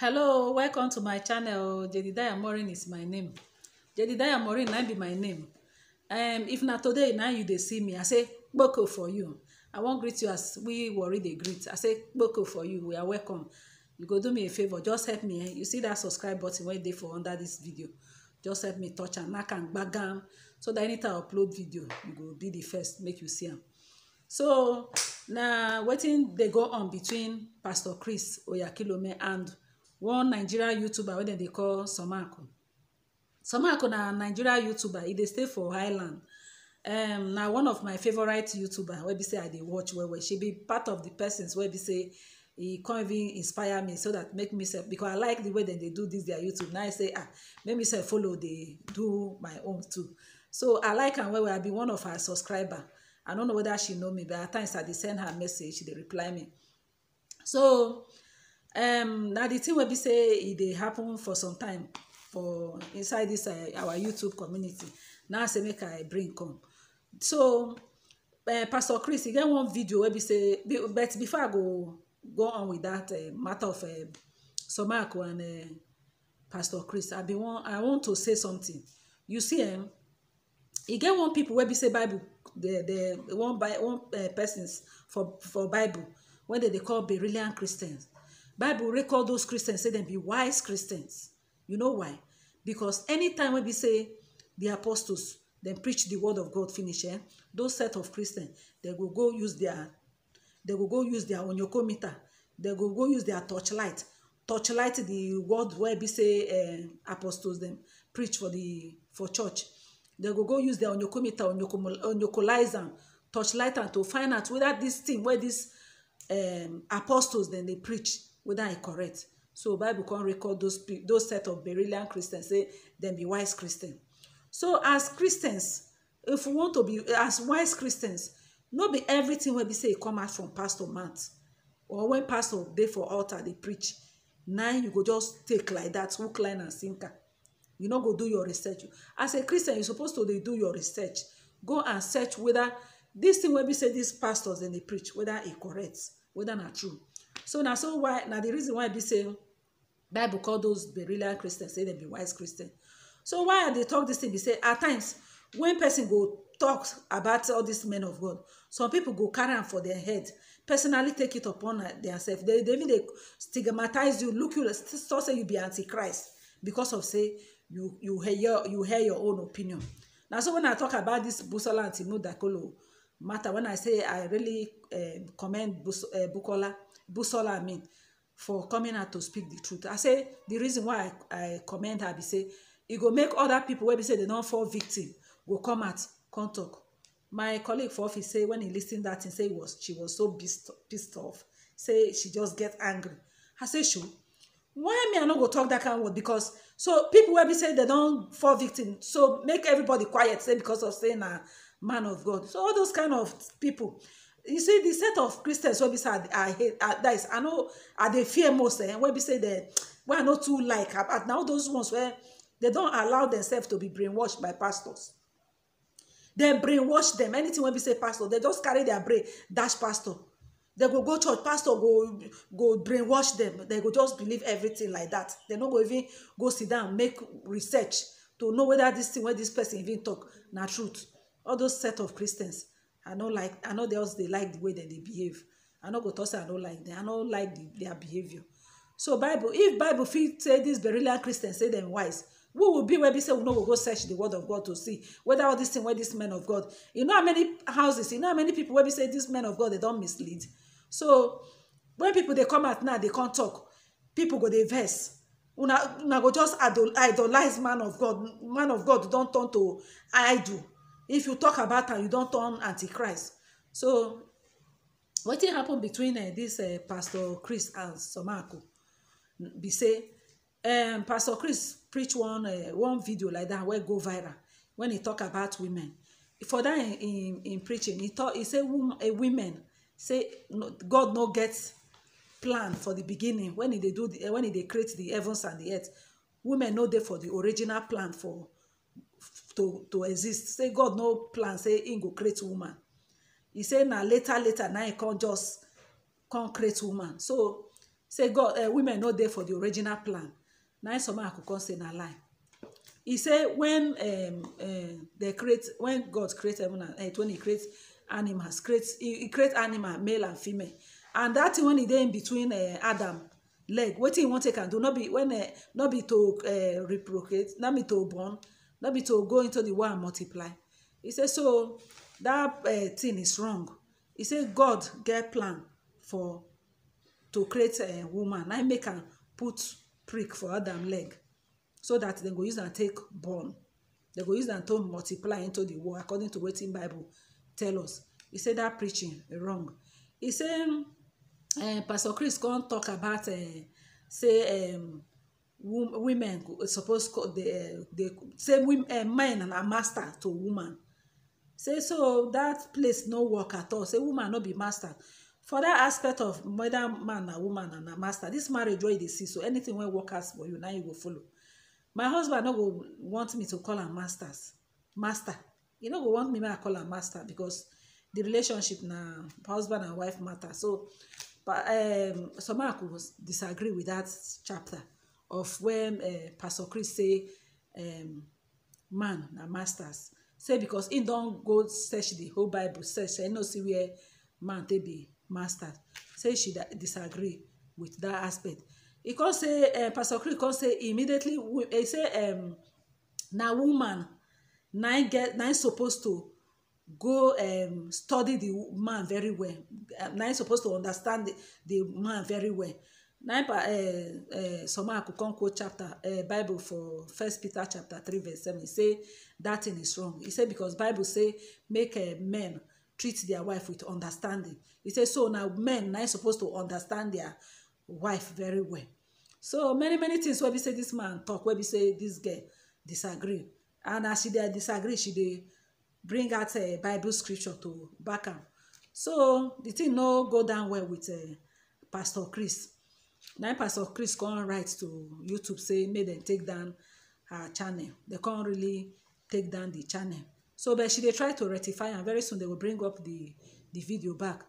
hello welcome to my channel jedidiah morin is my name jedidiah morin na be my name um, if na today na you dey see me i say kpoko for you i wan greet you as we worry dey greet i say kpoko for you we are welcome you go do me a favour just help me eh? you see that subscribe button wey dey for under this video just help me touch am knack am gbagam so that anytime i upload video you go be the first make you see am so na wetin dey go on between pastor chris oyakilome and one nigeria youtuber wey dem dey call somaku somaku na nigeria youtuber e dey stay for highland um, na one of my favourite youtuber wey be say i dey watch well well she be part of the persons wey be say e come even inspire me so that make me sef because i like the way dem dey do this their youtube now i say ah make me sef follow dey do my own too so i like am well well i be one of her subscriber i no know whether she know me but at times i dey send her message she dey reply me so um, na the thing wey be say e dey happen for some time for inside this uh, our youtube community na say e make i bring come so uh, pastor chris e get one video wey be say be, but before i go go on with that uh, matter of uh, um, somaku and uh, pastor chris i bin want i want to say something you see em um, e get one people wey be say bible the the one by one uh, persons for for bible wey dem dey call Berean christians bible record those christians say them be wise christians you know why because anytime wey be say the apostles dem preach the word of god finish eh those set of christians dem go go use their dem go go use their onyokometer dem go go use their torchlight torchlight the word wey be say eh apostles dem preach for the for church dem go go use their onyokometer onyokolize am torchlight am to find out whether this thing wey this um, apostles dem dey preach whether e correct so bible come record those those set of Berean christians say dem be wise christian so as christians if we want to be as wise christians no be everything wey be say e come out from pastor mouth or when pastor dey for altar dey preach na you go just take like that hook line and sinker you no go do your research as a christian you suppose to dey do your research go and search whether this thing wey be say this pastors dem dey preach whether e correct whether na true so na so why na the reason why be say bible call those burial christians say dem be wise christians so why i dey talk this thing be say at times when person go talk about all these men of god some people go carry am for their head personally take it upon themselves they they even dey stigmatize you look you talk say you be antichrist because of say you you hear your you hear your own opinion na so when i talk about this busola and timo dakolo matter when i say i really um, commend Bus uh, bukola busola i mean for coming out to speak the truth i say the reason why i, I commend her be say e go make other people wey be say they don fall victim go come out come talk my colleague for office say when he lis ten that thing say was she was so pissed, off say she just get angry i say sure why me i no go talk that kind of word because so people wey be say they don fall victim so make everybody quiet say because of say na man of God. So all those kind of people. You see, the set of Christians where we say I hate that is I know are they fear most and eh? where we say that we are not too like But now those ones where they don't allow themselves to be brainwashed by pastors. They brainwash them. Anything when we say pastor, they just carry their brain, dash pastor. They go go church, pastor go go brainwash them. They go just believe everything like that. They don't go even go sit down, make research to know whether this thing, where this person even talk, not truth. all those set of christians i know like i know they also they like the way that they behave i know go talk say i know like they i know like the, their behaviour so bible if bible fit say this Berylian christian say them wise we will be where we say we know we go search the word of god to see whether all this thing where this men of god you know how many houses you know how many people where we say this men of god they don't mislead so when people they come at now can't talk people go dey verse. una una go just idolize man of god man of god don't turn to idol if you talk about am you don turn antichrist so wetin happen between uh, this uh, pastor chris and somaku be say um, pastor chris preach one uh, one video like that wey go viral when he talk about women for that in in, in preaching he talk he say woman uh, women say no, god no get plan for the beginning when he dey do the, when he dey create the heavens and the earth women no dey for the original plan for to to exist say god no plan say He go create woman He say na later later na He come just come create woman so say god uh, women no dey for the original plan na him some akoko say na lie He say when um, uh, they create when god create heaven and earth when he create animals create he, he create animal male and female and that thing when He dey in between uh, adam leg wetin He wan take am do no be when uh, no be to uh, reprocreate no be to born no be to go into the one and multiply He say so dat eh, thing is wrong He say god get plan for to create a woman I make am put prick for adam leg so that they go use and take bone. They go use and to multiply into the world according to waiting bible tell us He say that preaching wrong e say eh, pastor chris come talk about eh, say um, women suppose the the say women eh, men na master to woman say so that place no work at all say woman no be master for that aspect of whether man na woman and na master this marriage wey you dey see so anything wey work out for you na you go follow my husband no go want me to call am masters master he no go want me make i call am master because the relationship na husband and wife matter so but um some people disagree with that chapter of when uh, pastor chris say um, man na masters say because he don go search the whole bible search say no see where man take be master say she disagree with that aspect He come say uh, pastor chris come say immediately he say um, na woman na get na suppose to go um, study the man very well na suppose to understand the, the man very well Nipa um eh, um eh, Somaku come quote chapter uh, Bible for First Peter chapter three verse seven. He say that thing is wrong. He say because Bible say make uh, men treat their wife with understanding. He say so now men na supposed to understand their wife very well. So many many things wey be say this man talk wey be say this girl disagree and as she dey disagree she dey bring out uh, Bible scripture to back am. So the thing no go down well with uh, Pastor Chris na pastor chris come write to youtube say make dem take down her channel dem come really take down the channel so but she dey try to rectify am very soon dem go bring up the the video back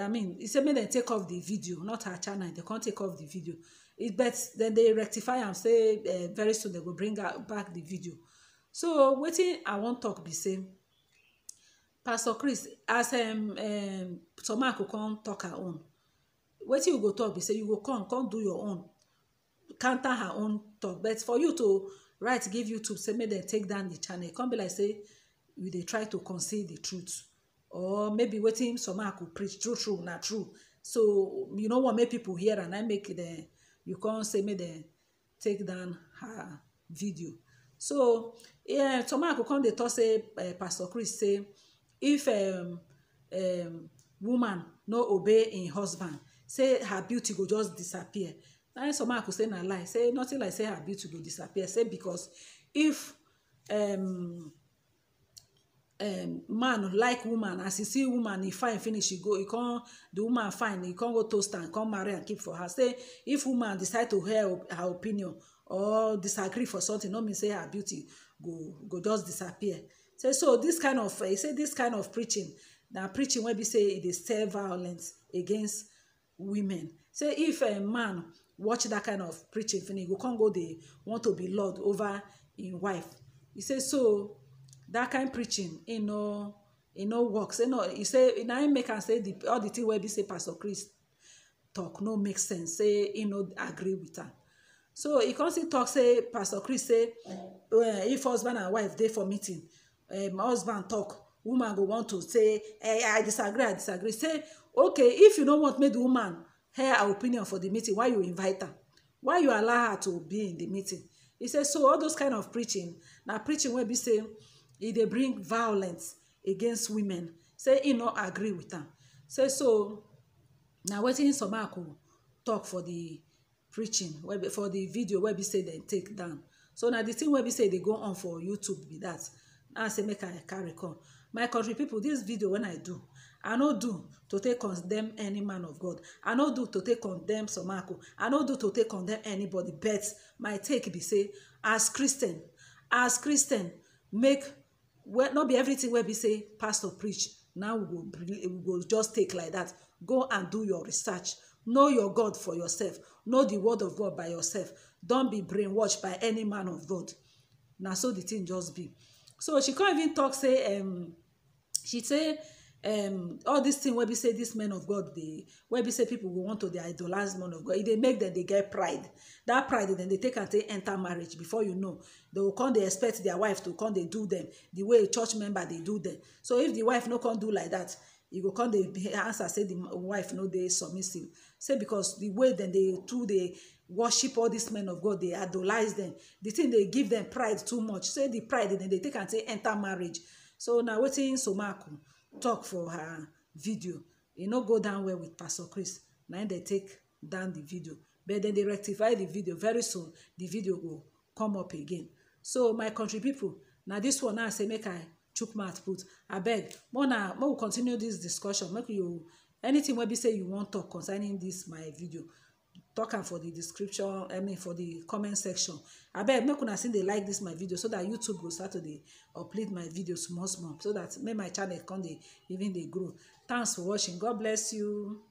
i mean e say make dem take off the video not her channel dem come take off the video it but dem dey rectify am say uh, very soon dem go bring back the video so wetin i wan talk be say pastor chris as um, um, tomaku come talk her own wetin you go talk be say you go come come do your own counter her own talk but for you to write give youtube say make dem take down the channel e come be like say you dey try to conceal the truth or maybe wetin somehow could preach true true na true so you no wan make people hear and i make dem you come say make dem take down her video so yeah, somehow tomaku come dey talk say uh, pastor chris say if um, um, woman no obey im husband say her beauty go just disappear na some people say na lie say nothing like say her beauty go disappear say because if um, um, man like woman as he see woman he fine finish he go he come the woman fine he come go toast am come marry am keep for her say if woman decide to hear her opinion or disagree for something no mean say her beauty go go just disappear say so this kind of uh, say this kind of preaching na preaching wey be say e dey stir violence against women say if a man watch that kind of preaching finish he go come go dey want to be lord over im wife He say so that kind preaching e no e no work say no he say na im make am say the all the thing wey be say pastor chris talk no make sense say e no agree with am so he come still talk say pastor chris say uh, if husband and wife dey for meeting um, husband talk woman go want to say eh, i disagree i disagree say okay if you no want make the woman hear her opinion for the meeting why you invite her why you allow her to be in the meeting he say so all those kind of preaching na preaching wey be say e dey bring violence against women say he no agree with am say so na wetin somaku talk for the preaching wey be for the video wey be say dem take down so na the thing wey be say dey go on for youtube be that now say make i carry come my country people this video wey i do i no do to take condemn any man of god i no do to take condemn somako i no do to take condemn anybody but my take be say as christian as christian make well not be everything where we say pastor preach now we will we go just take like that go and do your research know your god for yourself know the word of god by yourself Don't be brainwashed by any man of god Now so the thing just be so she can't even talk say um, she say um, all this thing where we say this man of God they where we say people will want to the idolize man of God, if e they make them they get pride. That pride then they take and they enter marriage. Before you know, they will come they expect their wife to come they do them the way a church member they do them. So if the wife no can do like that, you e go come they answer say the wife no they submissive. Say because the way then they do they worship all these men of God, they idolize them. The thing they give them pride too much. Say the pride then they take and they enter marriage. So now waiting so Somaku talk for her video e no go down well with pastor chris na im dey take down the video but then they rectify the video very soon The video go come up again so my country people, na this one now I say make i chook mouth put abeg more we continue this discussion make you anything wey be say you wan talk concerning this my video talk am for the description i mean for the comment section abeg make una still dey like this my video so that youtube go start to dey upload my video small small so that make my channel come dey even dey grow thanks for watching god bless you.